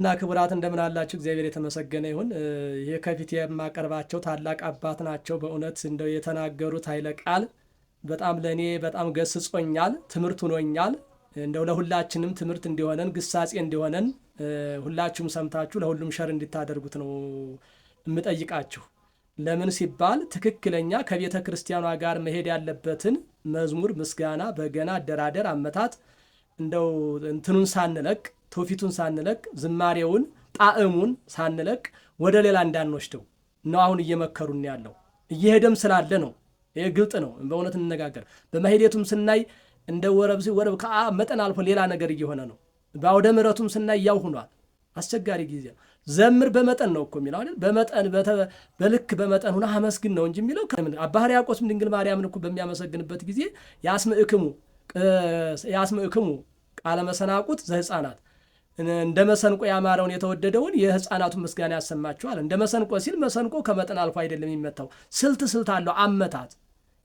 እና ክቡራት እንደምን አላችሁ? እግዚአብሔር የተመሰገነ ይሁን። ይህ ከፊት የማቀርባቸው ታላቅ አባት ናቸው። በእውነት እንደው የተናገሩት ኃይለ ቃል በጣም ለእኔ በጣም ገስጾኛል፣ ትምህርት ሆኖኛል። እንደው ለሁላችንም ትምህርት እንዲሆነን ግሳጼ እንዲሆነን ሁላችሁም ሰምታችሁ ለሁሉም ሸር እንዲታደርጉት ነው የምጠይቃችሁ። ለምን ሲባል ትክክለኛ ከቤተ ክርስቲያኗ ጋር መሄድ ያለበትን መዝሙር፣ ምስጋና፣ በገና፣ አደራደር፣ አመታት እንደው እንትኑን ሳንለቅ ትውፊቱን ሳንለቅ ዝማሬውን ጣዕሙን ሳንለቅ ወደ ሌላ እንዳንወስደው ነው አሁን እየመከሩን ያለው። እየሄደም ስላለ ነው። ይህ ግልጥ ነው። በእውነት እንነጋገር። በመሄዴቱም ስናይ እንደ ወረብ ወረብ መጠን አልፎ ሌላ ነገር እየሆነ ነው። በአውደ ምረቱም ስናይ ያው ሁኗል። አስቸጋሪ ጊዜ ነው። ዘምር በመጠን ነው እኮ የሚለው አይደል? በመጠን በልክ በመጠን ሁና አመስግን ነው እንጂ የሚለው አባ ሕርያቆስም ድንግል ማርያምን እኮ በሚያመሰግንበት ጊዜ ያስምዕክሙ ቃለ መሰናቁት ዘሕፃናት እንደ መሰንቆ ያማረውን የተወደደውን የህፃናቱን ምስጋና ያሰማችኋል። እንደ መሰንቆ ሲል መሰንቆ ከመጠን አልፎ አይደለም የሚመታው፣ ስልት ስልት አለው አመታት።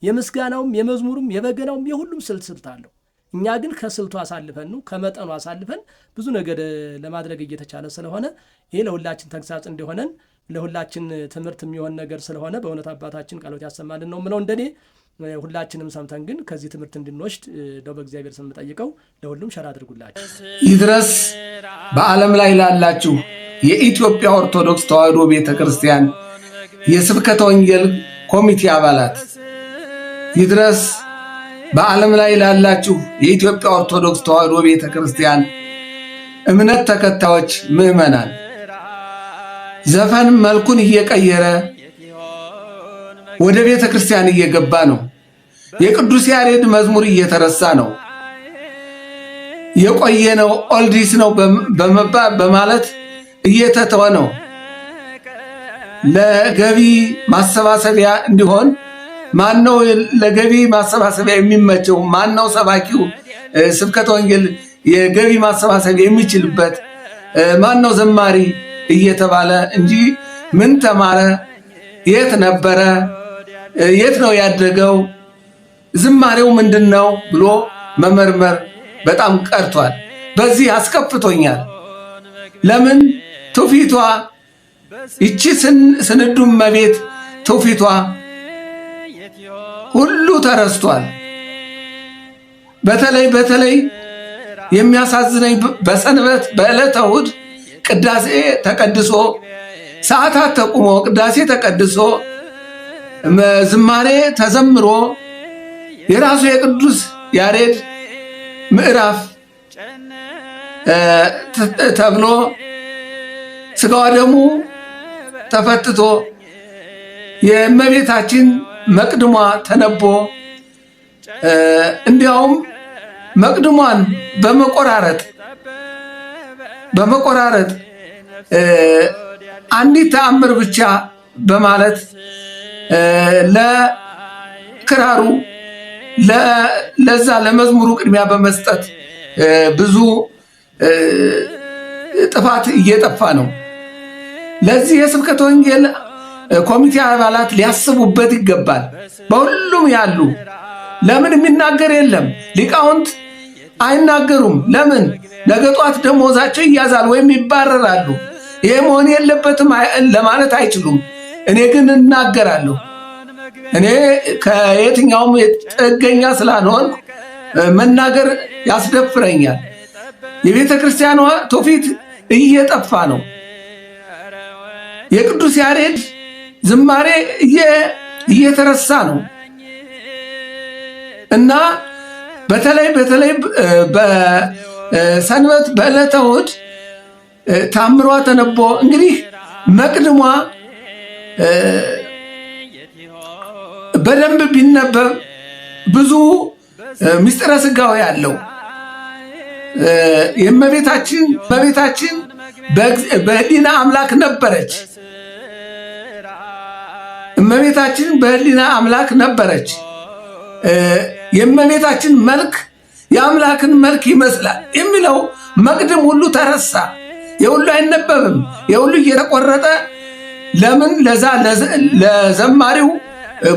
የምስጋናውም የመዝሙሩም የበገናውም የሁሉም ስልት ስልት አለው። እኛ ግን ከስልቱ አሳልፈን ነው ከመጠኑ አሳልፈን ብዙ ነገር ለማድረግ እየተቻለ ስለሆነ ይሄ ለሁላችን ተግሳጽ እንደሆነን ለሁላችን ትምህርት የሚሆን ነገር ስለሆነ በእውነት አባታችን ቃሎት ያሰማልን ነው ምለው እንደኔ ሁላችንም ሰምተን ግን ከዚህ ትምህርት እንድንወስድ ደው በእግዚአብሔር ስም ጠይቀው ለሁሉም ሸራ አድርጉላቸው ይድረስ። በዓለም ላይ ላላችሁ የኢትዮጵያ ኦርቶዶክስ ተዋሕዶ ቤተ ክርስቲያን የስብከተ ወንጌል ኮሚቴ አባላት ይድረስ። በዓለም ላይ ላላችሁ የኢትዮጵያ ኦርቶዶክስ ተዋሕዶ ቤተ ክርስቲያን እምነት ተከታዮች ምዕመናን ዘፈን መልኩን እየቀየረ ወደ ቤተ ክርስቲያን እየገባ ነው። የቅዱስ ያሬድ መዝሙር እየተረሳ ነው፣ የቆየ ነው፣ ኦልዲስ ነው በመባል በማለት እየተተወ ነው። ለገቢ ማሰባሰቢያ እንዲሆን ማን ነው ለገቢ ማሰባሰቢያ የሚመቸው? ማን ነው ሰባኪው? ስብከተ ወንጌል የገቢ ማሰባሰብ የሚችልበት ማን ነው? ዘማሪ እየተባለ እንጂ ምን ተማረ? የት ነበረ? የት ነው ያደገው? ዝማሬው ምንድን ነው ብሎ መመርመር በጣም ቀርቷል። በዚህ አስከፍቶኛል። ለምን ትውፊቷ ይቺ ስንዱም መቤት ትውፊቷ ሁሉ ተረስቷል። በተለይ በተለይ የሚያሳዝነኝ በሰንበት በዕለተ እሑድ ቅዳሴ ተቀድሶ ሰዓታት ተቁሞ ቅዳሴ ተቀድሶ ዝማሬ ተዘምሮ የራሱ የቅዱስ ያሬድ ምዕራፍ ተብሎ ስጋዋ ደግሞ ተፈትቶ የእመቤታችን መቅድሟ ተነቦ እንዲያውም መቅድሟን በመቆራረጥ በመቆራረጥ አንዲት ተአምር ብቻ በማለት ለክራሩ ለዛ ለመዝሙሩ ቅድሚያ በመስጠት ብዙ ጥፋት እየጠፋ ነው። ለዚህ የስብከተ ወንጌል ኮሚቴ አባላት ሊያስቡበት ይገባል። በሁሉም ያሉ ለምን የሚናገር የለም? ሊቃውንት አይናገሩም። ለምን? ነገ ጧት ደሞዛቸው ይያዛል ወይም ይባረራሉ። ይሄ መሆን የለበትም ለማለት አይችሉም። እኔ ግን እናገራለሁ። እኔ ከየትኛውም ጥገኛ ስላልሆን መናገር ያስደፍረኛል። የቤተ ክርስቲያኗ ትውፊት እየጠፋ ነው። የቅዱስ ያሬድ ዝማሬ እየተረሳ ነው እና በተለይ በተለይ በሰንበት በዕለተ እሑድ ታምሯ ተነቦ እንግዲህ መቅድሟ በደንብ ቢነበብ ብዙ ምስጢረ ስጋዊ ያለው የእመቤታችን በቤታችን በህሊና አምላክ ነበረች። እመቤታችን በህሊና አምላክ ነበረች። የእመቤታችን መልክ የአምላክን መልክ ይመስላል የሚለው መቅድም ሁሉ ተረሳ። የሁሉ አይነበብም። የሁሉ እየተቆረጠ ለምን ለዛ ለዘማሪው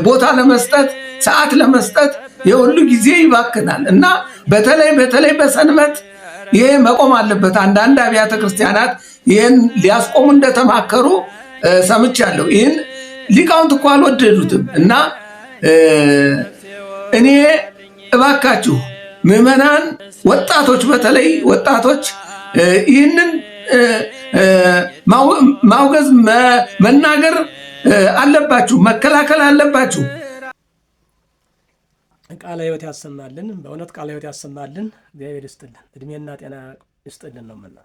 ቦታ ለመስጠት ሰዓት ለመስጠት የሁሉ ጊዜ ይባክናል እና በተለይ በተለይ በሰንበት ይሄ መቆም አለበት። አንዳንድ አብያተ ክርስቲያናት ይህን ሊያስቆሙ እንደተማከሩ ሰምቻለሁ። ይህን ሊቃውንት እኮ አልወደዱትም እና እኔ እባካችሁ ምዕመናን፣ ወጣቶች በተለይ ወጣቶች ይህንን ማውገዝ መናገር አለባችሁ፣ መከላከል አለባችሁ። ቃለ ሕይወት ያሰማልን። በእውነት ቃለ ሕይወት ያሰማልን። እግዚአብሔር ይስጥልን፣ እድሜና ጤና ይስጥልን ነው ምና